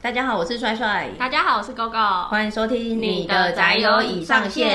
大家好，我是帥帥。大家好，我是高高。歡迎收聽你的宅友已上線。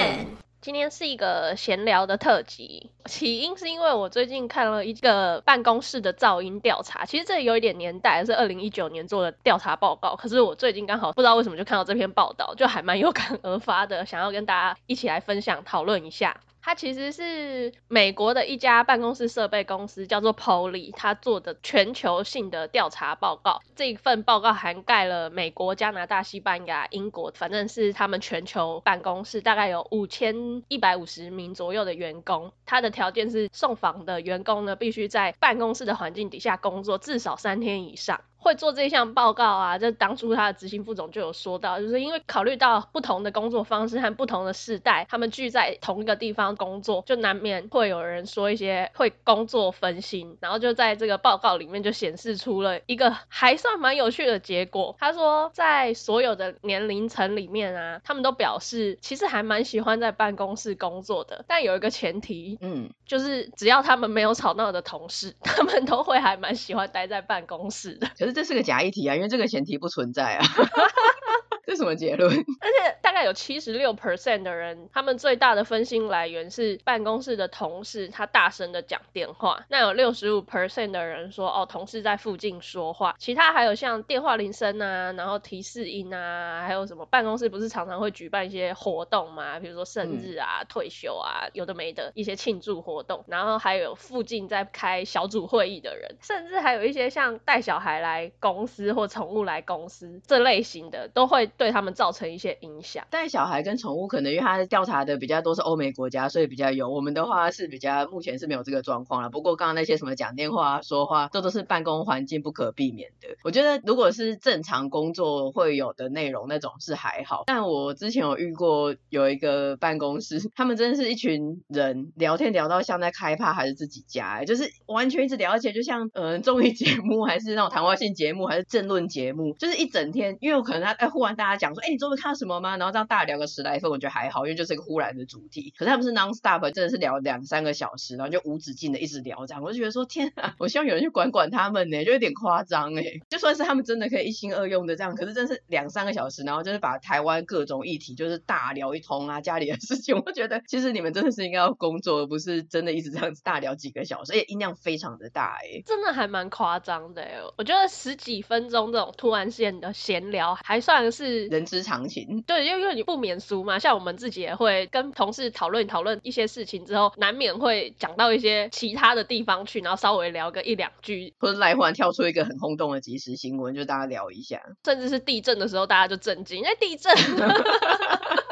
今天是一個閒聊的特輯。起因是因為我最近看了一個辦公室的噪音調查，其實這裡有一點年代，是二零一九年做的調查報告。可是我最近剛好不知道為什麼就看到這篇報道，就還蠻有感而發的，想要跟大家一起來分享討論一下。它其實是美國的一家辦公室設備公司，叫做 Poly，它做的全球性的調查報告。這一份報告涵蓋了美國、加拿大、西班牙、英國，反正是他們全球辦公室大概有五千一百五十名左右的員工。它的條件是受訪的員工呢，必須在辦公室的環境底下工作至少三天以上。會做這項報告啊，就當初他的執行副總就有說到，就是因為考慮到不同的工作方式和不同的世代，他們聚在同一個地方工作，就難免會有人說一些會工作分心，然後就在這個報告裡面就顯示出了一個還算蠻有趣的結果。他說，在所有的年齡層裡面啊，他們都表示其實還蠻喜歡在辦公室工作的，但有一個前提，嗯，就是只要他們沒有吵鬧的同事，他們都會還蠻喜歡待在辦公室的。可是。這是個假議題啊，因為這個前提不存在啊。 這什麼結論？而且大概有七十六 percent 的人，他們最大的分心來源是辦公室的同事，他大聲的講電話。那有六十五 percent 的人說，哦，同事在附近說話。其他還有像電話鈴聲啊，然後提示音啊，還有什麼辦公室不是常常會舉辦一些活動嗎？比如說生日啊、嗯、退休啊，有的沒的，一些慶祝活動。然後還有附近在開小組會議的人，甚至還有一些像帶小孩來公司或寵物來公司這類型的，都會。對他們造成一些影響。帶小孩跟寵物可能，因為他調查的比較多是歐美國家，所以比較有。我們的話是比較目前是沒有這個狀況了。不過剛剛那些什麼講電話、說話，這都，都是辦公環境不可避免的。我覺得如果是正常工作會有的內容那種是還好。但我之前有遇過有一個辦公室，他們真的是一群人聊天聊到像在開趴還是自己家，欸，就是完全一直聊，而且就像嗯、呃、綜藝節目還是那種談話性節目還是政論節目，就是一整天，因為我可能他在忽然大。他講說：“哎、欸，你中午看到什麼嗎？”然後這樣大聊個十來分，我覺得還好，因為就是一個忽然的主題。可是他們是 non stop，真的是聊兩三個小時，然後就無止境的一直聊這樣。我就覺得說：“天啊！”我希望有人去管管他們呢、欸，就有點誇張哎。就算是他們真的可以一心二用的這樣，可是真的是兩三個小時，然後就是把台灣各種議題就是大聊一通啊，家裡的事情。我覺得其實你們真的是應該要工作，不是真的一直這樣子大聊幾個小時，而且音量非常的大、欸，哎，真的還蠻誇張的、欸。我覺得十幾分鐘這種突然間的閒聊還算是人之常情，對，因為因為你不免輸嘛。像我們自己也會跟同事討論討論一些事情之後，難免會講到一些其他的地方去，然後稍微聊個一兩句，或者來突然跳出一個很轟動的即時新聞，就大家聊一下，甚至是地震的時候，大家就震驚，因為地震。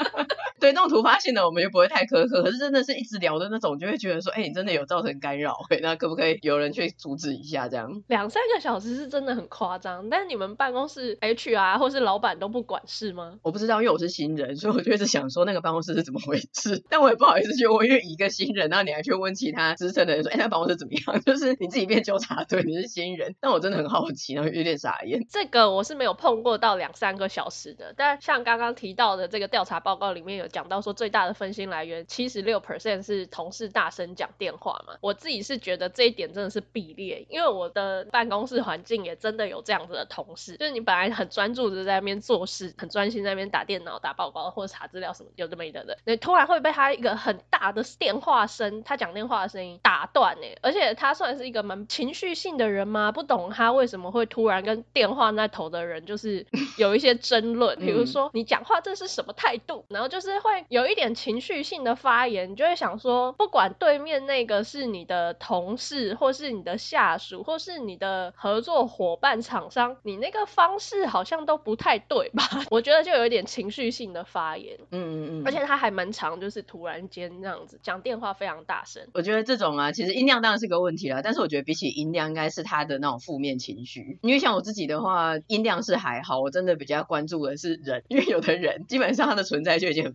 所以那種突發性的，我們就不會太苛刻。可是真的是一直聊的那種，就會覺得說，哎、欸，你真的有造成干擾，那可不可以有人去阻止一下這樣？兩三個小時是真的很誇張。但是你們辦公室 HR 或是老闆都不管事嗎？我不知道，因為我是新人，所以我就一直想說那個辦公室是怎麼回事。但我也不好意思去問，因為，因為一個新人，然後你還去問其他資深的人說，哎、欸，那辦公室怎麼樣？就是你自己變糾察隊， 你是新人，但我真的很好奇，然後有點傻眼。這個我是沒有碰過到兩三個小時的，但像剛剛提到的這個調查報告裡面有。講到說最大的分心來源，七十六 percent 是同事大聲講電話嘛？我自己是覺得這一點真的是比例，因為我的辦公室環境也真的有這樣子的同事，就是你本來很專注的在那邊做事，很專心在那邊打電腦、打報告或者查資料什麼，有這麼一個的人，你突然會被他一個很大的電話聲，他講電話的聲音打斷呢、欸。而且他算是一個蠻情緒性的人嗎？不懂他為什麼會突然跟電話那頭的人就是有一些爭論， 嗯、比如說你講話這是什麼態度？然後就是。會有一點情緒性的發言，你就會想說，不管對面那個是你的同事，或是你的下屬，或是你的合作夥伴、廠商，你那個方式好像都不太對吧？ 我覺得就有一點情緒性的發言，嗯嗯嗯，而且他還蠻長，就是突然間這樣子講電話非常大聲。我覺得這種啊，其實音量當然是個問題啦，但是我覺得比起音量，應該是他的那種負面情緒。因為像我自己的話，音量是還好，我真的比較關注的是人，因為有的人基本上他的存在就已經很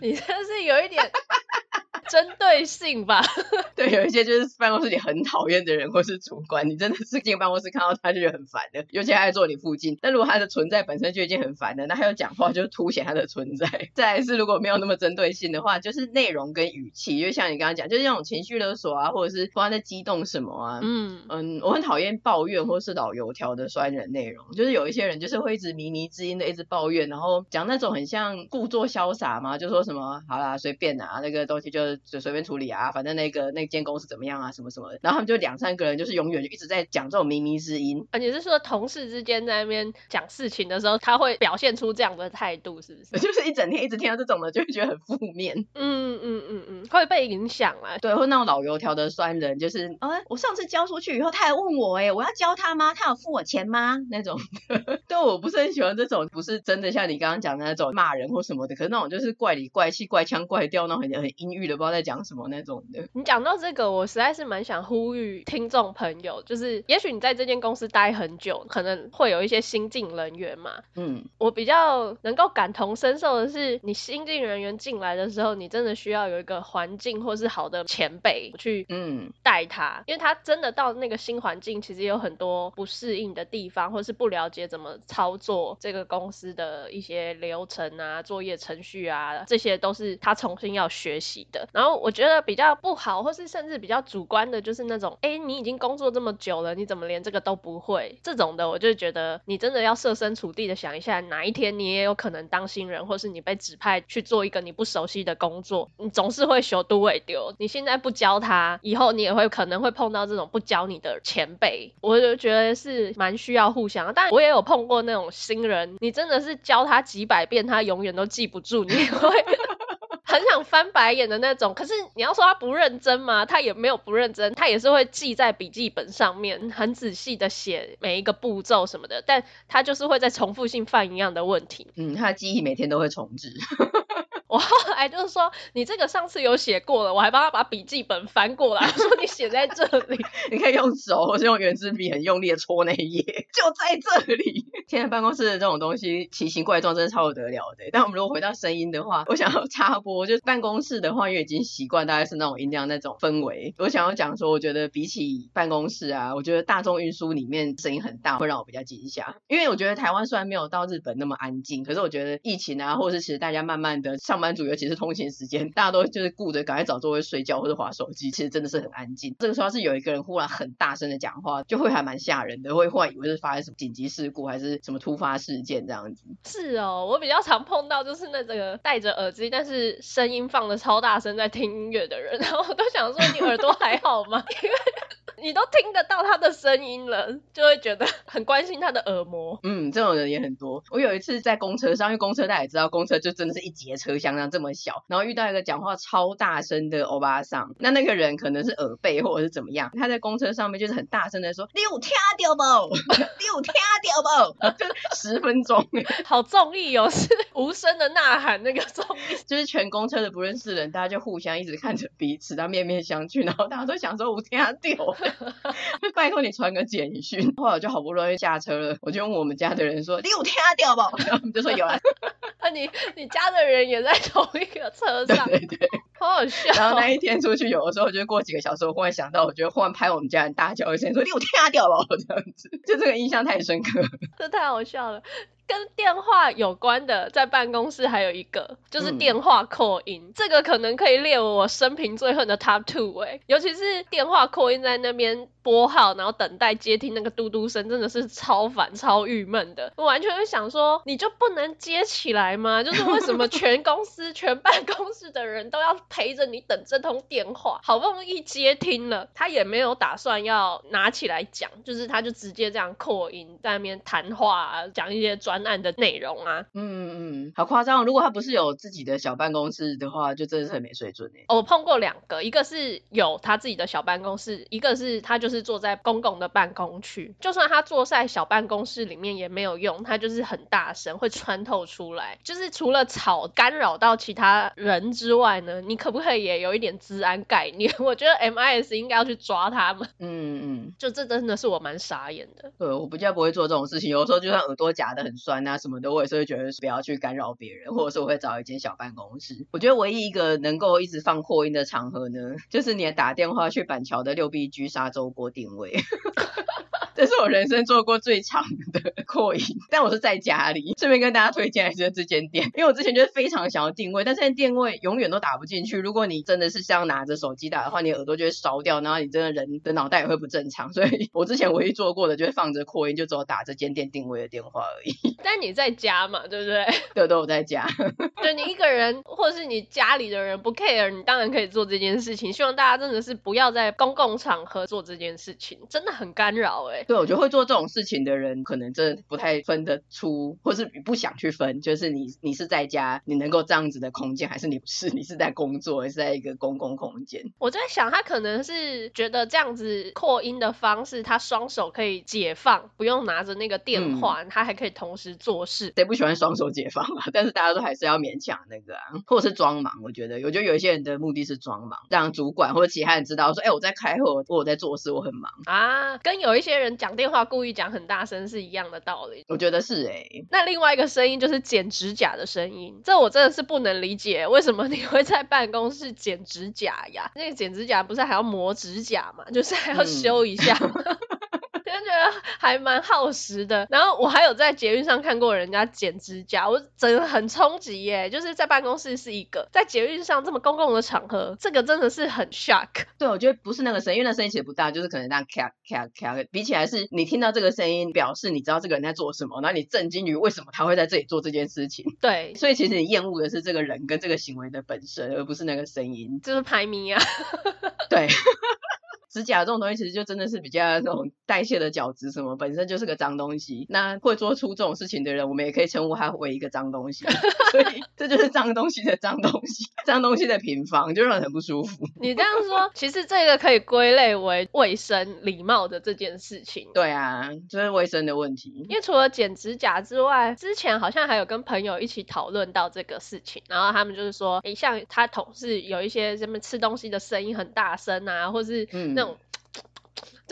你真是有一點。針對性吧， 對，有一些就是辦公室裡很討厭的人，或是主管，你真的是進辦公室看到他就覺得很煩的，尤其愛坐你附近。但如果他的存在本身就已經很煩了，那還有講話就凸顯他的存在。再來是如果沒有那麼針對性的話，就是內容跟語氣，就像你剛剛講，就是那種情緒勒索啊，或者是突然在激動什麼啊，嗯嗯，我很討厭抱怨或是老油條的衰人內容，就是有一些人就是會一直靡靡之音的一直抱怨，然後講那種很像故作瀟灑嘛，就說什麼好啦隨便啦，那個東西就是。就隨便處理啊，反正那個那間公司怎麼樣啊，什麼什麼的，然後他們就兩三個人，就是永遠就一直在講這種靡靡之音。啊，你是說同事之間在那邊講事情的時候，他會表現出這樣的態度，是不是？就是一整天一直聽到這種的，就會覺得很負面。嗯嗯嗯嗯，會被影響啊。對，或那種老油條的酸人，就是啊，我上次交出去以後，他還問我哎、欸，我要教他嗎？他有付我錢嗎？那種。 對，我不是很喜歡這種，不是真的像你剛剛講的那種罵人或什麼的，可是那種就是怪裡怪氣、怪腔怪調，那種很很陰鬱的。不知道在講什麼那種的？你講到這個，我實在是蠻想呼籲聽眾朋友，就是也許你在這間公司待很久，可能會有一些新進人員嘛。嗯，我比較能夠感同身受的是，你新進人員進來的時候，你真的需要有一個環境或是好的前輩去嗯帶他，因為他真的到那個新環境，其實也有很多不適應的地方，或是不了解怎麼操作這個公司的一些流程啊、作業程序啊，這些都是他重新要學習的。然後我覺得比較不好，或是甚至比較主觀的，就是那種，哎，你已經工作這麼久了，你怎麼連這個都不會？這種的，我就覺得你真的要設身處地的想一下，哪一天你也有可能當新人，或是你被指派去做一個你不熟悉的工作，你總是會修都會丟。你現在不教他，以後你也會可能會碰到這種不教你的前輩。我就覺得是蠻需要互相，但我也有碰過那種新人，你真的是教他幾百遍，他永遠都記不住，你會。 很想翻白眼的那種，可是你要說他不認真嗎？他也沒有不認真，他也是會記在筆記本上面，很仔細的寫每一個步驟什麼的，但他就是會在重複性犯一樣的問題。嗯，他記憶每天都會重置。 我後來就是說，你這個上次有寫過了，我還幫他把筆記本翻過來，說你寫在這裡， 你可以用手，我是用原子筆很用力的戳那一頁，就在這裡。 現在辦公室的這種東西奇形怪狀，真的超有得了的。但我們如果回到聲音的話，我想要插播，就辦公室的話，因為已經習慣大概是那種音量那種氛圍。我想要講說，我覺得比起辦公室啊，我覺得大眾運輸裡面聲音很大，會讓我比較驚嚇。因為我覺得台灣雖然沒有到日本那麼安靜，可是我覺得疫情啊，或者是其實大家慢慢的上。班主，尤其是通勤時間，大家都就是顧着趕快找座位睡覺或者划手機，其實真的是很安靜。這個時候，是有一個人忽然很大聲的講話，就會還蠻嚇人的，會幻以為是發生什麼緊急事故還是什麼突發事件這樣子。是哦，我比較常碰到就是那這個戴着耳機但是聲音放得超大聲在聽音樂的人，然後我都想說，你耳朵還好嗎？因為。你都聽得到他的聲音了，就會覺得很關心他的耳膜。嗯，這種人也很多。我有一次在公車上，因為公車大家也知道，公車就真的是一節車廂上這樣這麼小，然後遇到一個講話超大聲的歐巴桑，那那個人可能是耳背或者是怎麼樣，他在公車上面就是很大聲的說：“你有聽到不？ 你有聽到不？” 就是十分鐘，好重力哦，是無聲的吶、呃、喊。那個時候，就是全公車的不認識人，大家就互相一直看着彼此的面面相覷，然後大家都想說：“我聽得到。” 拜託你傳個簡訊，後來我就好不容易下車了，我就問我們家的人說：“ 你有天掉吧”，不？”我們就說：“有啊。”那你你家的人也在同一個車上， 對，對對，好好笑。然後那一天出去，有的時候我就過幾個小時，我忽然想到，我就忽然拍我們家人大叫一聲說 ：“你有天、啊、掉了！”這樣子，就這個印象太深刻， 這太好笑了。跟電話有關的，在辦公室還有一個就是電話擴音，這個可能可以列為我生平最恨的 top two，欸，尤其是電話擴音在那邊撥號，然後等待接聽那個嘟嘟聲，真的是超煩超鬱悶的。我完全就想說，你就不能接起來嗎？就是為什麼全公司 全辦公室的人都要陪着你等這通電話？好不容易接聽了，他也沒有打算要拿起來講，就是他就直接這樣擴音在那邊談話啊，講一些專。案的內容啊，嗯嗯，好誇張哦！如果他不是有自己的小辦公室的話，就真的是很沒水準。我碰過兩個，一個是有他自己的小辦公室，一個是他就是坐在公共的辦公區。就算他坐在小辦公室裡面也沒有用，他就是很大聲，會穿透出來。就是除了吵干擾到其他人之外呢，你可不可以也有一點資安概念？我覺得 M I S 應該要去抓他們。嗯嗯，就這真的是我蠻傻眼的。呃，我比較不會做這種事情，有時候就算耳朵夾得很。酸啊什麼的，我也是會覺得不要去干擾別人，或者說我會找一間小辦公室。我覺得唯一一個能夠一直放擴音的場合呢，就是你打電話去板橋的六必居沙洲鍋定位。 這是我人生做過最長的擴音，但我是在家裡。順便跟大家推薦一下這間店，因為我之前就是非常想要定位，但這間定位永遠都打不進去。如果你真的是像拿着手機打的話，你耳朵就會燒掉，然後你真的人的腦袋也會不正常。所以我之前唯一做過的，就是放着擴音，就只有打這間店定位的電話而已。但你在家嘛，對不對？對對，我在家。對，你一個人，或者是你家裡的人不 care，你當然可以做這件事情。希望大家真的是不要在公共場合做這件事情，真的很干擾欸。對，我覺得會做這種事情的人，可能真的不太分得出，或是不想去分，就是你你是在家，你能夠這樣子的空間，還是你不是，你是在工作，還是在一個公共空間？我在想，他可能是覺得這樣子擴音的方式，他雙手可以解放，不用拿着那個電話，嗯、他還可以同時做事。誰不喜歡雙手解放嘛？但是大家都還是要勉強那個、啊，或者是裝忙。我覺得，我覺得有一些人的目的是裝忙，讓主管或者其他人知道，說，哎、欸，我在開會，或我在做事，我很忙啊。跟有一些人。講電話故意講很大聲是一樣的道理，我覺得是哎、欸。那另外一個聲音就是剪指甲的聲音，這我真的是不能理解，為什麼你會在辦公室剪指甲呀？那個剪指甲不是還要磨指甲嗎？就是還要修一下嘛。嗯 真覺得還蠻耗時的，然後我還有在捷運上看過人家剪指甲，我真的很衝擊耶！就是在辦公室是一個，在捷運上這麼公共的場合，這個真的是很 shock。對，我覺得不是那個聲音，因為那聲音其實不大，就是可能像 cat cat cat。比起來，是你聽到這個聲音，表示你知道這個人在做什麼，然後你震驚於為什麼他會在這裡做這件事情。對，所以其實你厭惡的是這個人跟這個行為的本身，而不是那個聲音。就是排名啊。 對。 指甲這種東西，其實就真的是比較那種代謝的角質，什麼本身就是個髒東西。那會做出這種事情的人，我們也可以稱呼他為一個髒東西。 所以這就是髒東西的髒東西，髒東西的平方，就讓人很不舒服。你這樣說，其實這個可以歸類為衛生禮貌的這件事情。對啊，這、就是衛生的問題。因為除了剪指甲之外，之前好像還有跟朋友一起討論到這個事情，然後他們就是說，哎、欸，像他同事有一些什麼吃東西的聲音很大聲啊，或是嗯。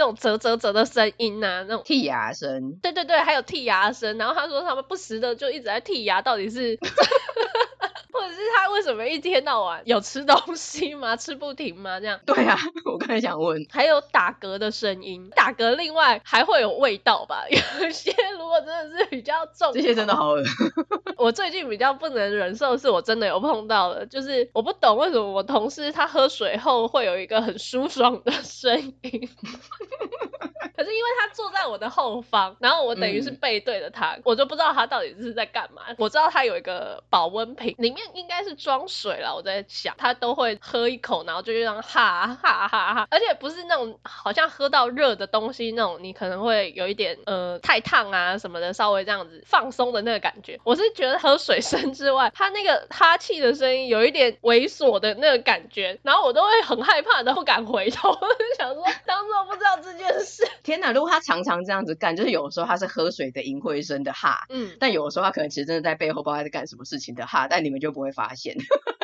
這種嘖嘖嘖的聲音吶、啊，那種剔牙聲，對對對，還有剔牙聲。然後他說他們不時的就一直在剔牙，到底是？ 或者是他為什麼一天到晚有吃東西嗎？吃不停嗎？這樣？對啊，我剛才想問，還有打嗝的聲音，打嗝另外還會有味道吧？有些如果真的是比較重，這些真的好噁。 我最近比較不能忍受是我真的有碰到的，就是我不懂為什麼我同事他喝水後會有一個很舒爽的聲音。 可是因為他坐在我的後方，然後我等於是背對着他，嗯，我就不知道他到底是在幹嘛。我知道他有一個保溫瓶，裡面應該是裝水啦。我在想，他都會喝一口，然後就這樣哈哈哈哈，而且不是那種好像喝到熱的東西那種，你可能會有一點呃太燙啊什麼的，稍微這樣子放鬆的那個感覺。我是覺得喝水聲之外，他那個哈氣的聲音有一點猥瑣的那個感覺，然後我都會很害怕，都不敢回頭，我就想說當做不知道這件事。 天吶！如果他常常這樣子幹，就是有時候他是喝水的淫穢聲的哈，嗯，但有時候他可能其實真的在背後不知道在幹什麼事情的哈，但你們就不會發現。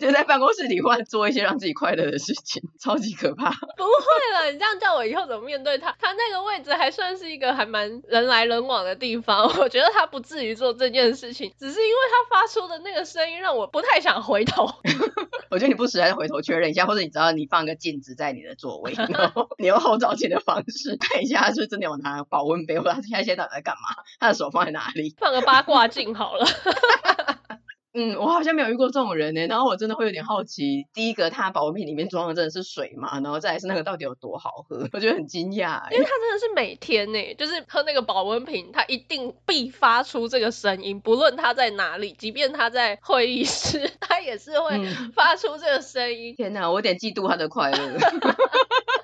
就在辦公室裡忽然做一些讓自己快樂的事情，超級可怕。不會了，你這樣叫我以後怎麼面對他？他那個位置還算是一個還蠻人來人往的地方，我覺得他不至於做這件事情，只是因為他發出的那個聲音讓我不太想回頭。 我覺得你不時還是回頭確認一下，或者你知道你放個鏡子在你的座位，然後你用後照鏡的方式看一下，他不是真的有拿保溫杯，或者他現在現在在幹嘛，他的手放在哪裡？放個八卦鏡好了。 嗯，我好像沒有遇過這種人呢、欸。然後我真的會有點好奇，第一個他保溫瓶裡面裝的真的是水嗎？然後再來是那個到底有多好喝？我覺得很驚訝、欸，因為他真的是每天呢、欸，就是喝那個保溫瓶，他一定必發出這個聲音，不論他在哪裡，即便他在會議室，他也是會發出這個聲音。嗯、天吶，我有點嫉妒他的快樂。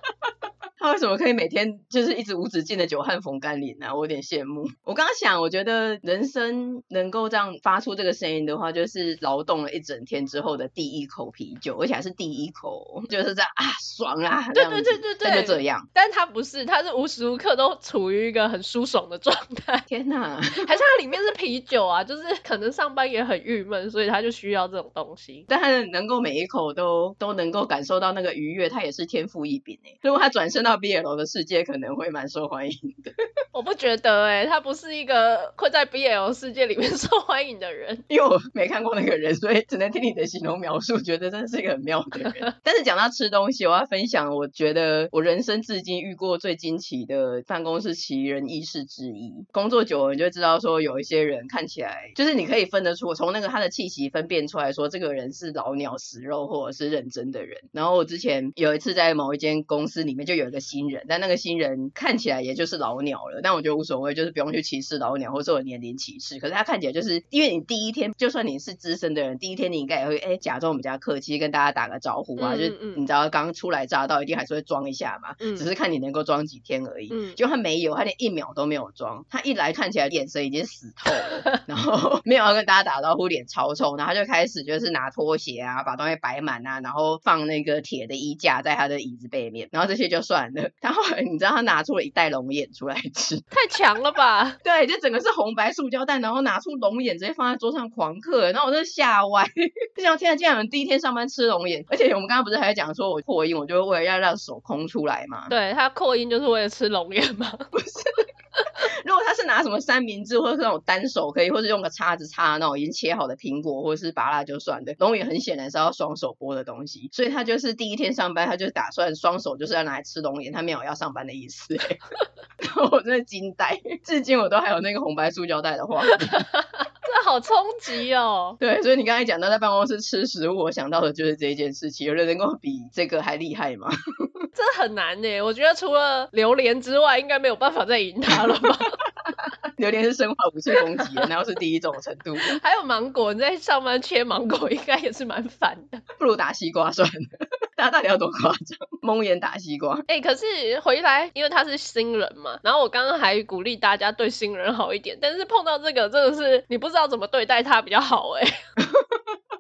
為什麼可以每天就是一直無止境的久旱逢甘霖呢、啊？我有點羨慕。我剛剛想，我覺得人生能夠這樣發出這個聲音的話，就是勞動了一整天之後的第一口啤酒，而且還是第一口，就是這樣啊，爽啊！對對對對對，就這樣。但他不是，他是無時無刻都處於一個很舒爽的狀態。天吶，還是他裡面是啤酒啊？就是可能上班也很鬱悶，所以他就需要這種東西。但他能夠每一口都都能夠感受到那個愉悅，他也是天賦異禀哎、欸。如果他轉身到 BL 的世界可能會蠻受歡迎的，我不覺得哎、欸，他不是一個會在 BL 世界裡面受歡迎的人，因為我沒看過那個人，所以只能聽你的形容描述，覺得真的是一個很妙的人。 但是講到吃東西，我要分享，我覺得我人生至今遇過最驚奇的辦公室奇人異事之一。工作久了，你就知道說有一些人看起來就是你可以分得出，從那個他的氣息分辨出來說，說這個人是老鳥食肉或者是認真的人。然後我之前有一次在某一間公司裡面，就有一個。新人，但那個新人看起來也就是老鳥了，但我覺得無所謂，就是不用去歧視老鳥或者我年齡歧視。可是他看起來就是，因為你第一天，就算你是資深的人，第一天你應該也會哎假裝比較客氣，跟大家打個招呼啊，嗯、就是你知道剛出初來乍到，一定還是會裝一下嘛。嗯、只是看你能夠裝幾天而已。就、嗯、他沒有，他連一秒都沒有裝。他一來看起來眼神已經死透了， 然後沒有要跟大家打招呼，臉超臭，然後他就開始就是拿拖鞋啊，把東西擺滿啊，然後放那個鐵的衣架在他的椅子背面，然後這些就算。他後來你知道他拿出了一袋龍眼出來吃，太強了吧？ 對，就整個是紅白塑膠袋，然後拿出龍眼直接放在桌上狂嗑，然後我就嚇歪，就想天哪，竟然有人第一天上班吃龍眼？而且我們剛剛不是還在講說我擴音，我就是為了要讓手空出來嘛？對，他擴音就是為了吃龍眼嗎？不是，如果他是拿什麼三明治或者是那種單手可以，或者用個叉子叉那種已經切好的蘋果或者是芭樂就算的龍眼，很顯然是要雙手剝的東西，所以他就是第一天上班，他就打算雙手就是要拿來吃龍。他沒有要上班的意思， 我真的驚呆，至今我都還有那個紅白塑膠袋的話 這好衝擊哦。對，所以你剛才講到在辦公室吃食物，我想到的就是這一件事情。有人能夠比這個還厲害嗎？ 這很難誒，我覺得除了榴蓮之外，應該沒有辦法再贏他了吧？ 榴蓮是生化武器攻擊，然後是第一種程度。 還有芒果，你在上班切芒果應該也是蠻煩的，不如打西瓜算了。大家到底要多誇張？蒙眼打西瓜？哎、欸，可是回來，因為他是新人嘛，然後我剛剛還鼓勵大家對新人好一點，但是碰到這個，真的是你不知道怎麼對待他比較好哎、欸。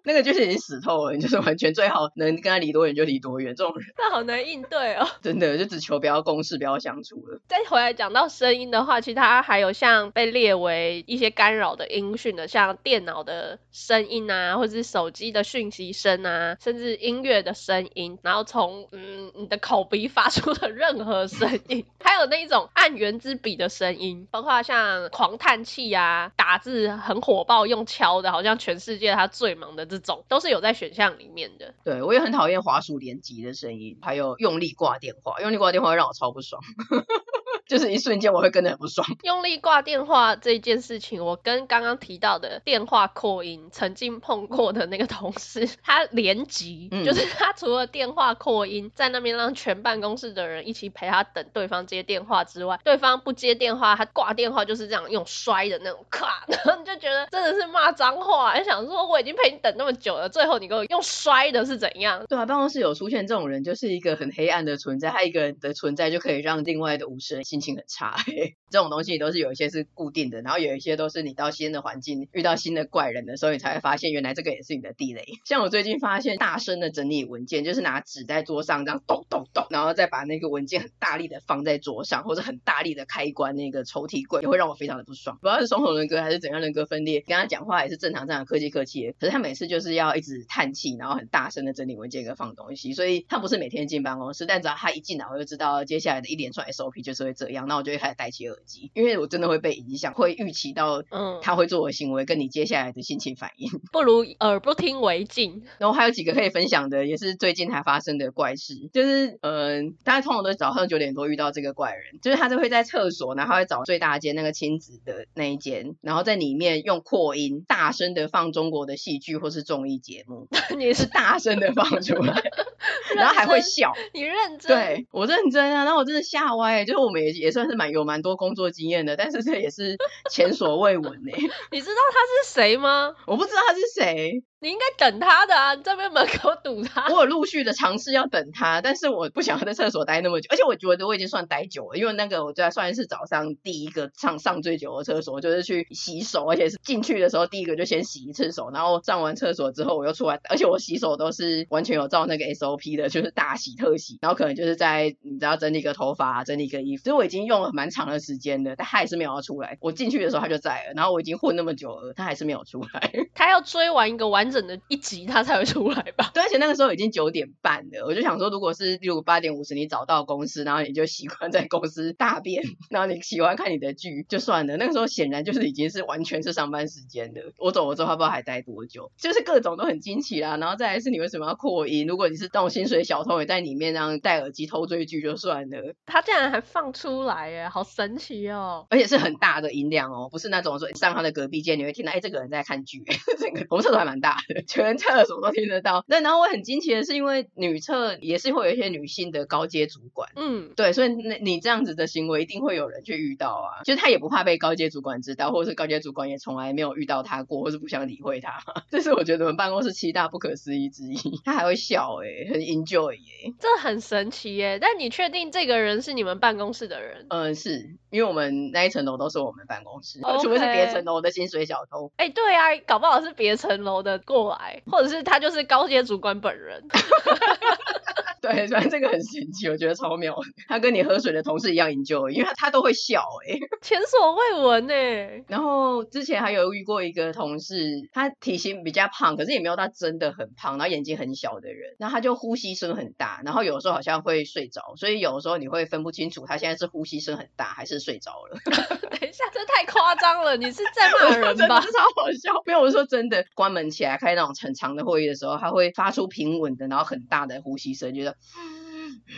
那個就是你死透了，你就是完全最好能跟他離多遠就離多遠，這種人那好難應對哦。 真的就只求不要公事，不要相處了。再回來講到聲音的話，其他還有像被列為一些干擾的音訊的，像電腦的聲音啊，或者是手機的訊息聲啊，甚至音樂的聲音，然後從嗯你的口鼻發出的任何聲音， 還有那一種按原子筆的聲音，包括像狂嘆氣啊，打字很火爆用敲的，好像全世界他最忙的都是有在選項裡面的，對，我也很討厭滑鼠連擊的聲音。還有用力掛電話，用力掛電話會讓我超不爽。 就是一瞬間，我會跟得很不爽。用力掛電話這件事情，我跟剛剛提到的電話擴音曾經碰過的那個同事，他連級，就是他除了電話擴音在那邊讓全辦公室的人一起陪他等對方接電話之外，對方不接電話，他掛電話就是這樣用摔的那種，咔，然後你就覺得真的是罵髒話，還想說我已經陪你等那麼久了，最後你給我用摔的是怎樣？對啊，辦公室有出現這種人，就是一個很黑暗的存在，他一個人的存在就可以讓另外的無聲。心情很差。欸，這種東西都是有一些是固定的，然後有一些都是你到新的環境遇到新的怪人的時候，你才會發現原來這個也是你的地雷。像我最近發現，大聲的整理文件，就是拿紙在桌上這樣咚咚咚，然後再把那個文件很大力的放在桌上，或者很大力的開關那個抽屜櫃，也會讓我非常的不爽。不知道是雙重人格還是怎樣人格分裂，跟他講話也是正常正常，客氣客氣，可是他每次就是要一直嘆氣，然後很大聲的整理文件跟放東西，所以他不是每天進辦公室，但只要他一進來，我就知道接下來的一連串 SOP 就是會整。那我就會開始戴起耳機，因為我真的會被影響，會預期到，嗯，他會做的行為跟你接下來的心情反應。嗯、不如耳不聽為淨。然後還有幾個可以分享的，也是最近才發生的怪事，就是，嗯、呃，大家通常都是早上九點多遇到這個怪人，就是他就會在廁所，然後他會找最大間那個親子的那一間，然後在裡面用擴音大聲的放中國的戲劇或是綜藝節目，也是大聲的放出來， 然後還會笑，你認真？對，我認真啊，然後我真的嚇歪，就是我們也。也算是蠻有蠻多工作經驗的，但是這也是前所未聞欸。 你知道他是誰嗎？我不知道他是誰。你應該等他的啊，這邊門口堵他。我有陸續的嘗試要等他，但是我不想在廁所待那麼久，而且我覺得我已經算待久了，因為那個我就算是早上第一個上上最久的廁所，就是去洗手，而且是進去的時候第一個就先洗一次手，然後上完廁所之後我又出來，而且我洗手都是完全有照那個 SOP 的，就是大洗特洗，然後可能就是在你知道整理個頭髮、啊、整理個衣服，所以我已經用了蠻長的時間的，但他還是沒有要出來。我進去的時候他就在了，然後我已經混那麼久了，他還是沒有出來。他要追完一個完整。等了一集他才會出來吧。對，而且那個時候已經九點半了，我就想說，如果是例如八點五十你找到公司，然後你就習慣在公司大便，然後你喜歡看你的劇就算了。那個時候顯然就是已經是完全是上班時間了。我走了之後，他不知道還待多久，就是各種都很驚奇啦。然後再來是你為什麼要擴音？如果你是動薪水小偷也在裡面，然後戴耳機偷追劇就算了。他竟然還放出來耶，好神奇哦！而且是很大的音量哦，不是那種說你上他的隔壁間你會聽到哎，這個人在看劇，個我這個紅廁都還蠻大。全廁所都聽得到，那然後我很驚奇的是，因為女廁也是會有一些女性的高階主管，嗯，對，所以你這樣子的行為一定會有人去遇到啊，就是他也不怕被高階主管知道，或者是高階主管也從來沒有遇到他過，或是不想理會他。這是我覺得我們辦公室七大不可思議之一。他還會笑、欸，哎，很 enjoy 哎、欸，這很神奇耶、欸。但你確定這個人是你們辦公室的人？嗯，是因為我們那一層樓都是我們辦公室，Okay. 除非是別層樓的薪水小偷。哎、欸，對啊，搞不好是別層樓的。過來，或者是他就是高階主管本人。 對，反正這個很神奇，我覺得超妙。他跟你喝水的同事一樣，營救，因為他，他都會笑，欸，哎，前所未聞誒、欸、然後之前還有遇過一個同事，他體型比較胖，可是也沒有到他真的很胖，然後眼睛很小的人，那他就呼吸聲很大，然後有時候好像會睡着，所以有的時候你會分不清楚他現在是呼吸聲很大還是睡着了。 等一下，這太誇張了， 你是在罵人吧？我超好笑，沒有，我說真的。關門起來開那種很長的會議的時候，他會發出平穩的然後很大的呼吸聲，就是。嗯嗯，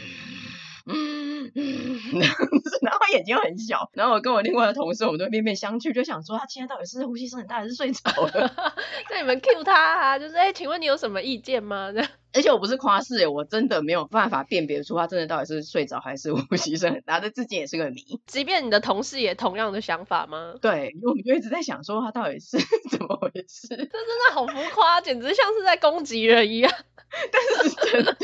嗯嗯嗯 然後眼睛又很小，然後我跟我另外的同事，我們都面面相覷，就想說他今天到底是呼吸聲很大，還是睡着了？ 那你們 Q 他啊，就是哎、欸，請問你有什麼意見嗎？ 而且我不是誇飾耶，我真的沒有辦法辨別出他真的到底是睡着還是呼吸聲很大，這至今也是個謎。即便你的同事也同樣的想法嗎？對，我們就一直在想說他到底是 怎麼回事。他真的好浮誇、啊，簡直像是在攻擊人一樣。 但是真的，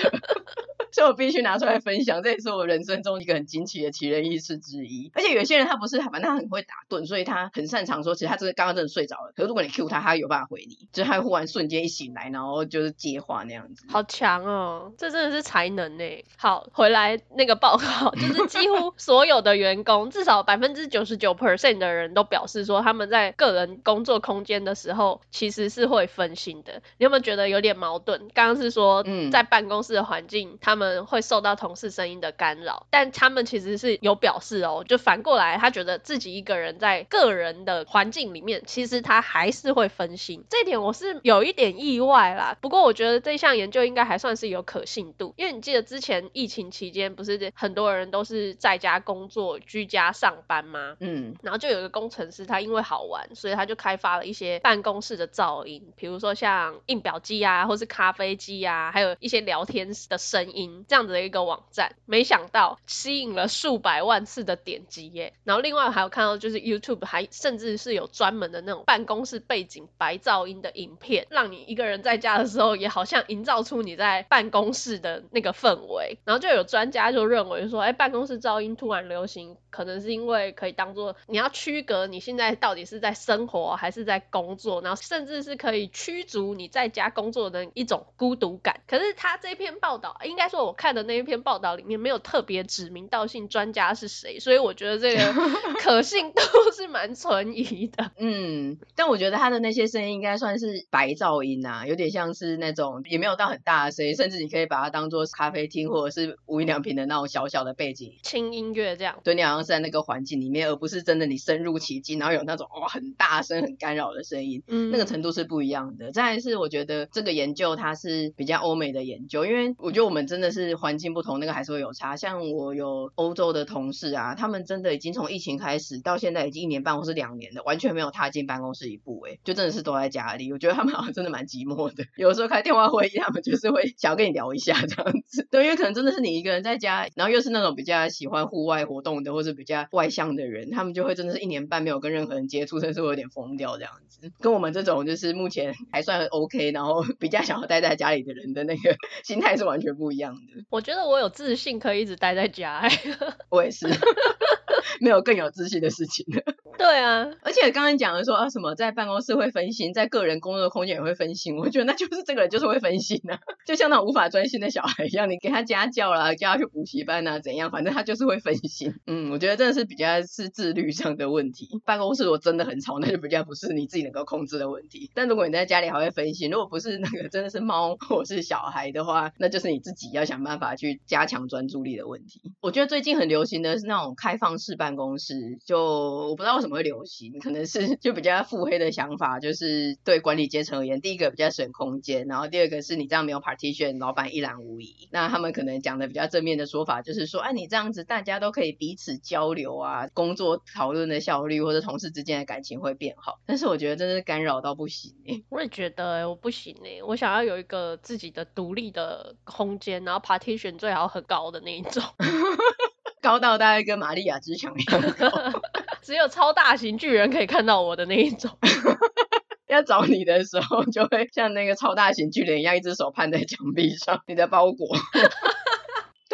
所以我必須拿出來分享。這也是我人生中一個很驚奇的奇人異事之一。而且有些人他不是，反正他很會打盹，所以他很擅長說，其實他真的剛剛真的睡着了。可是如果你 Q 他，他有辦法回你，就是他忽然瞬間一醒來，然後就是接話那樣子。好強哦，這真的是才能呢、欸。好，回來那個報告，就是幾乎所有的員工， 至少百分之九十九 percent 的人都表示說，他們在個人工作空間的時候其實是會分心的。你有沒有覺得有點矛盾？剛剛是說。說在辦公室的環境、嗯，他們會受到同事聲音的干擾，但他們其實是有表示哦、喔。就反過來，他覺得自己一個人在個人的環境裡面，其實他還是會分心。這一點我是有一點意外啦。不過我覺得這項研究應該還算是有可信度，因為你記得之前疫情期間，不是很多人都是在家工作、居家上班嗎？嗯，然後就有一個工程師，他因為好玩，所以他就開發了一些辦公室的噪音，比如說像印表機啊，或是咖啡機、啊。呀，還有一些聊天的聲音，這樣子的一個網站，沒想到吸引了數百萬次的點擊耶。然後另外還有看到，就是 YouTube 還甚至是有專門的那種辦公室背景白噪音的影片，讓你一個人在家的時候，也好像營造出你在辦公室的那個氛圍。然後就有專家就認為說，哎，辦公室噪音突然流行，可能是因為可以當做你要區隔你現在到底是在生活還是在工作，然後甚至是可以驅逐你在家工作的一種孤獨。可是他這篇報道，應該說我看的那一篇報道裡面沒有特別指名道姓專家是誰，所以我覺得這個可信度是蠻存疑的。 嗯，但我覺得他的那些聲音應該算是白噪音啊，有點像是那種也沒有到很大的聲音，甚至你可以把它當做咖啡廳或者是無印良品的那種小小的背景輕音樂這樣。對，你好像是在那個環境裡面，而不是真的你深入其境，然後有那種哦很大聲很干擾的聲音，嗯，那個程度是不一樣的。再來是我覺得這個研究它是。比較歐美的研究，因為我覺得我們真的是環境不同，那個還是會有差。像我有歐洲的同事啊，他們真的已經從疫情開始到現在已經一年半或是兩年了，完全沒有踏進辦公室一步，欸，哎，就真的是躲在家裡。我覺得他們好像真的蠻寂寞的。有的時候開電話會議，他們就是會想要跟你聊一下這樣子，對，因為可能真的是你一個人在家，然後又是那種比較喜歡戶外活動的或者比較外向的人，他們就會真的是一年半沒有跟任何人接觸，甚至會有點瘋掉這樣子。跟我們這種就是目前還算 OK，然後比較想要待在家裡的人。人的那個心態是完全不一樣的。我覺得我有自信可以一直待在家，欸， 我也是， 沒有更有自信的事情了。對啊，而且剛剛講的說啊，什麼在辦公室會分心，在個人工作空間也會分心，我覺得那就是這個人就是會分心啊，就像那種無法專心的小孩一樣。你給他家教啦、啊，叫他去補習班啊，怎樣？反正他就是會分心。嗯，我覺得真的是比較是自律上的問題。辦公室如果真的很吵，那就比較不是你自己能夠控制的問題。但如果你在家裡還會分心，如果不是那個真的是貓或者是小孩的話，那就是你自己要想辦法去加強專注力的問題。我覺得最近很流行的是那種開放式辦公室，就我不知道。怎麼流行？可能是就比較腹黑的想法，就是對管理階層而言，第一個比較省空間，然後第二個是你這樣沒有 partition，老板一覽無遺。那他們可能講的比較正面的說法，就是說，啊，你這樣子大家都可以彼此交流啊，工作討論的效率或者同事之間的感情會變好。但是我覺得真的是干擾到不行、欸。我也覺得、欸、我不行呢、欸，我想要有一個自己的獨立的空間，然後 partition 最好很高的那一種， 高到大概跟瑪利亞之牆一樣高。 只有超大型巨人可以看到我的那一種， 要找你的時候，就會像那個超大型巨人一樣，一隻手攀在牆壁上，你的包裹。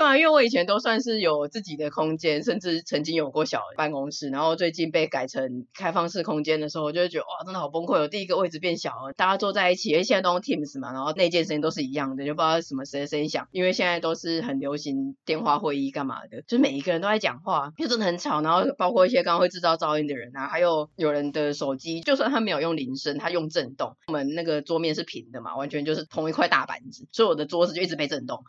對啊，因為我以前都算是有自己的空間，甚至曾經有過小的辦公室，然後最近被改成開放式空間的時候，我就會覺得哇，真的好崩潰哦！第一個位置變小了，大家坐在一起，因為現在都用 Teams 嘛，然後內建聲音都是一樣的，就不知道什麼誰的聲音響，因為現在都是很流行電話會議幹嘛的，就是每一個人都在講話，就真的很吵。然後包括一些剛剛會制造噪音的人啊，還有有人的手機，就算他沒有用鈴聲，他用震動，我們那個桌面是平的嘛，完全就是同一塊大板子，所以我的桌子就一直被震動，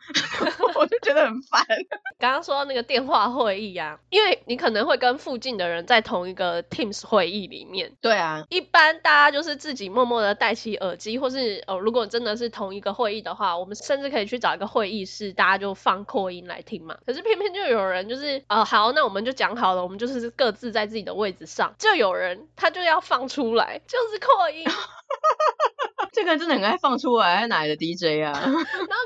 我就覺得很。煩， 剛剛說到那個電話會議啊，因為你可能會跟附近的人在同一個 Teams 會議裡面。對啊，一般大家就是自己默默的戴起耳機，或是哦、呃，如果真的是同一個會議的話，我們甚至可以去找一個會議室，大家就放擴音來聽嘛。可是偏偏就有人就是啊、呃，好，那我們就講好了，我們就是各自在自己的位置上，就有人他就要放出來，就是擴音。 哈哈哈這個真的很愛放出來，還哪來的 DJ 啊？然後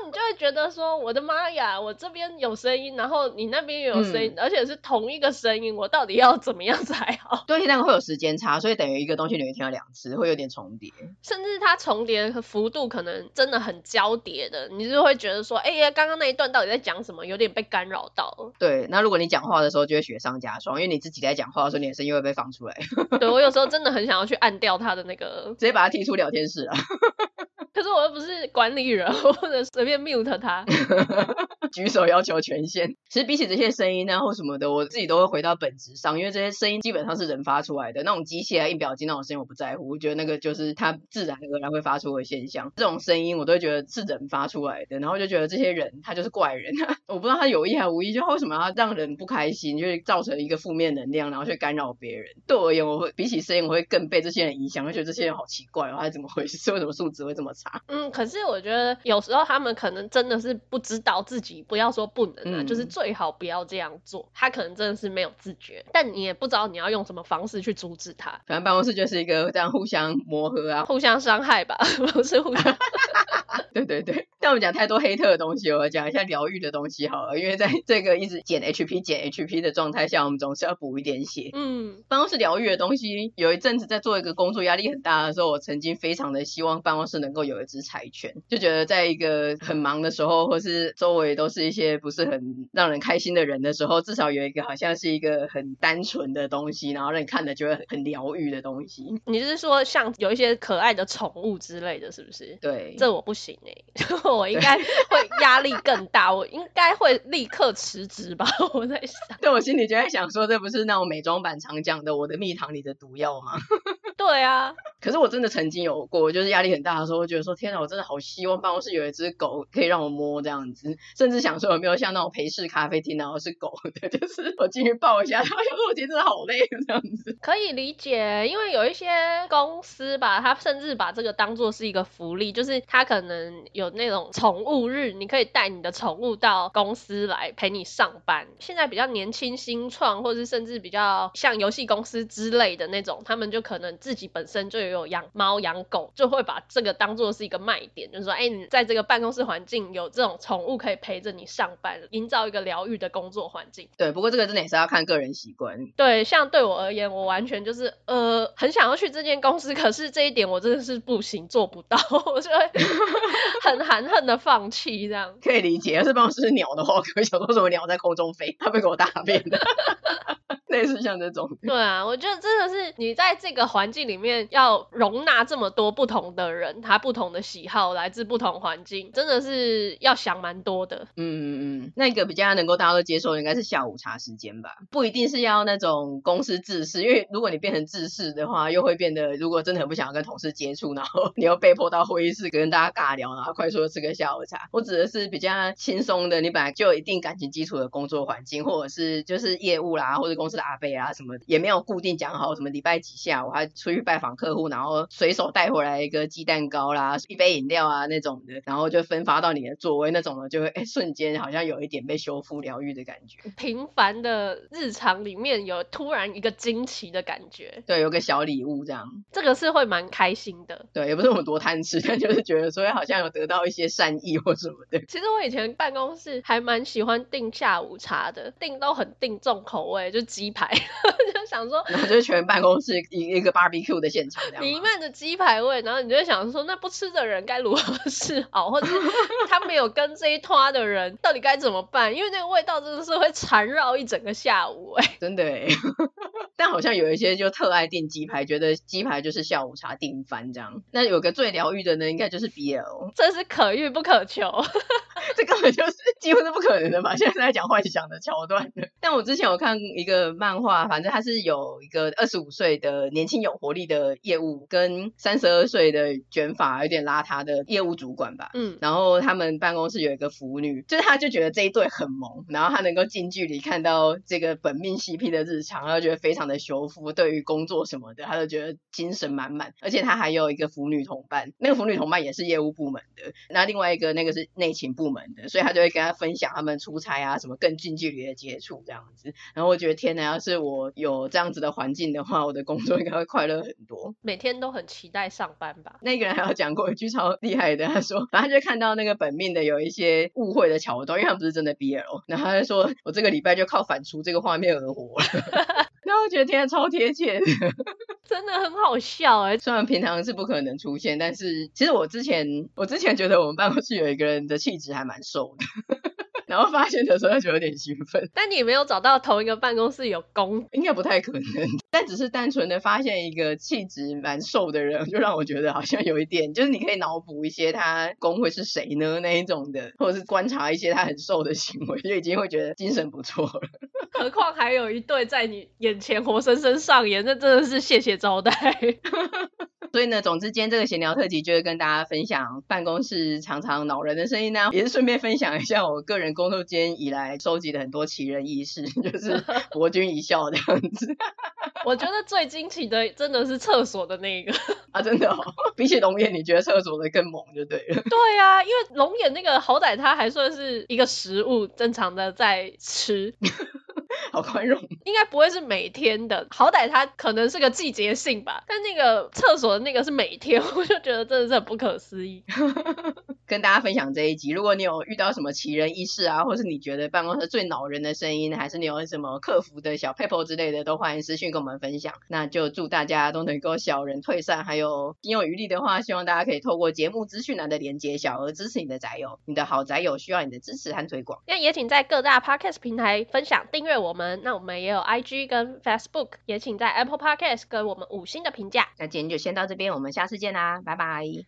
你就會覺得說：“我的媽呀，我這邊有聲音，然後你那邊也有聲音、嗯，而且是同一個聲音，我到底要怎麼樣才好？”對，那個會有時間差，所以等於一個東西裡面聽了兩次，會有點重疊，甚至它重疊幅度可能真的很交疊的，你就會覺得說：“哎、欸、呀，剛剛那一段到底在講什麼？有點被干擾到。”對，那如果你講話的時候，就會雪上加霜，因為你自己在講話的時候，你的聲音會被放出來。 對我有時候真的很想要去按掉它的那個，直接把它。退出聊天室啊！ 可是我又不是管理人，或者隨便 mute 他。 舉手要求權限。其實比起這些聲音啊或什麼的，我自己都會回到本質上，因為這些聲音基本上是人發出來的。那種機械啊、印表機那種聲音我不在乎，我覺得那個就是它自然而然會發出的現象。這種聲音我都會覺得是人發出來的，然後就覺得這些人他就是怪人、啊。我不知道他有意還無意，就為什麼要讓人不開心，就是造成一個負面能量，然後去干擾別人。對我而言，我會比起聲音，我會更被這些人影響，就覺得這些人好奇怪、哦，還是怎麼回事？為什麼素質會這麼差？嗯，可是我覺得有時候他們可能真的是不知道自己，不要說不能啊、嗯，就是最好不要這樣做。他可能真的是沒有自覺，但你也不知道你要用什麼方式去阻止他。反正辦公室就是一個這樣互相磨合啊，互相傷害吧， 不是互相。 對對對，但我們講太多黑特的東西，我要講一下療癒的東西好了，因為在這個一直減 HP、減 HP 的狀態下，我們總是要補一點血。嗯，辦公室療癒的東西，有一陣子在做一個工作壓力很大的時候，我曾經非常的希望辦公室能夠有。有一隻柴犬，就覺得在一個很忙的時候，或是周圍都是一些不是很讓人開心的人的時候，至少有一個好像是一個很單純的東西，然後讓你看了覺得很療癒的東西。你是說像有一些可愛的寵物之類的是不是？對，這我不行哎、欸， 我應該會壓力更大， 我應該會立刻辭職吧。我在想，對，我心裡就在想說，這不是那種美妝版常講的“我的蜜糖裡的毒藥”嗎？ 對啊。可是我真的曾經有過，就是壓力很大的時候，我覺得說天哪，我真的好希望辦公室有一隻狗可以讓我摸這樣子，甚至想說有沒有像那種陪侍咖啡廳，然後是狗。對，就是我進去抱一下，然後有時候我覺得真的好累這樣子。可以理解，因為有一些公司吧，它甚至把這個當做是一個福利，就是它可能有那種寵物日，你可以帶你的寵物到公司來陪你上班。現在比較年輕、新創，或是甚至比較像遊戲公司之類的那種，他們就可能自己本身就有。有養貓養狗，就會把這個當做是一個賣點，就是說，哎、欸，你在這個辦公室環境有這種寵物可以陪着你上班，營造一個療癒的工作環境。對，不過這個真的也是要看個人習慣。對，像對我而言，我完全就是呃，很想要去這間公司，可是這一點我真的是不行，做不到，我就會 很含恨的放棄這樣。可以理解，要是辦公室是鳥的話，我可以想說什麼鳥在空中飛，它會給我大便的。 類似像這種，對啊，我覺得真的是你在這個環境裡面要容納這麼多不同的人，他不同的喜好，來自不同環境，真的是要想蠻多的。嗯嗯嗯，那個比較能夠大家都接受的應該是下午茶時間吧，不一定是要那種公司制式，因為如果你變成制式的話，又會變得如果真的很不想要跟同事接觸，然後你又被迫到會議室跟大家尬聊，然後快速吃個下午茶。我指的是比較輕鬆的，你本來就有一定感情基礎的工作環境，或者是就是業務啦，或者公司。阿貝啊，什麼也沒有固定講好，什麼禮拜幾下，我還出去拜訪客戶，然後隨手帶回來一個雞蛋糕啦，一杯飲料啊那種的，然後就分發到你的座位，那種的就會哎、欸、瞬間好像有一點被修復療癒的感覺。平凡的日常裡面有突然一個驚奇的感覺，對，有個小禮物這樣，這個是會蠻開心的。對，也不是我們多貪吃，但就是覺得說好像有得到一些善意或什麼的。其實我以前辦公室還蠻喜歡訂下午茶的，訂都很訂重口味，就幾。雞 排就想說，就全辦公室一一個 BBQ 的現場，彌漫着雞排味，然後你就想說，那不吃的人該如何是好？或者是他沒有跟這一拖的人 到底該怎麼辦？因為那個味道真的是會纏繞一整個下午，欸，哎，真的，欸。但好像有一些就特愛訂雞排，覺得雞排就是下午茶定番這樣。那有個最療癒的呢，應該就是 BL，這是可遇不可求， 這根本就是幾乎是不可能的嘛。現在在講幻想的橋段，但我之前有看一個。漫畫，反正他是有一個二十五歲的年輕有活力的業務，跟三十二歲的捲髮有點邋遢的業務主管吧。嗯，然後他們辦公室有一個腐女，就是他就覺得這一對很萌，然後他能夠近距離看到這個本命 CP 的日常，然後覺得非常的修復，對於工作什麼的，他就覺得精神滿滿。而且他還有一個腐女同伴，那個腐女同伴也是業務部門的，那另外一個那個是內勤部門的，所以他就會跟他分享他們出差啊什麼更近距離的接觸這樣子。然後我覺得天吶。要是我有這樣子的環境的話，我的工作應該會快樂很多，每天都很期待上班吧。那個人還有講過一句超厲害的，他說，反正就看到那個本命的有一些誤會的橋段，因為他們不是真的 BL，然後他就說，我這個禮拜就靠反芻這個畫面而活了， 然後我覺得天天超貼切的， 真的很好笑哎、欸。雖然平常是不可能出現，但是其實我之前我之前覺得我們辦公室有一個人的氣質還蠻瘦的。然後發現的時候就有點興奮，但你也沒有找到同一個辦公室有工，應該不太可能。但只是單純的發現一個氣質蠻瘦的人，就讓我覺得好像有一點，就是你可以腦補一些他工會是誰呢那一種的，或者是觀察一些他很瘦的行為，就已經會覺得精神不錯了。何況還有一對在你眼前活生生上演，那真的是謝謝招待。 所以呢，總之今天這個閒聊特輯就是跟大家分享辦公室常常惱人的聲音呢，也是順便分享一下我個人。工作間以來收集了很多奇人異事，就是博君一笑這樣子。 我覺得最驚奇的真的是廁所的那一個啊，真的哦。比起龍眼，你覺得廁所的更猛就對了。對啊，因為龍眼那個好歹它還算是一個食物，正常的在吃， 好寬容。應該不會是每天的，好歹它可能是個季節性吧。但那個廁所的那個是每天，我就覺得真的是很不可思議。 跟大家分享這一集，如果你有遇到什麼奇人異事啊，或是你覺得辦公室最惱人的聲音，還是你有什麼克服的小撇步之類的，都歡迎私訊跟我們分享。那就祝大家都能夠小人退散，還有你有餘力的話，希望大家可以透過節目資訊欄的連結小額支持你的宅友，你的好宅友需要你的支持和推廣。那也請在各大 Podcast 平台分享訂閱我們，那我們也有 IG 跟 Facebook，也請在 Apple Podcast 給我們五星的評價。那今天就先到這邊，我們下次見啦，拜拜。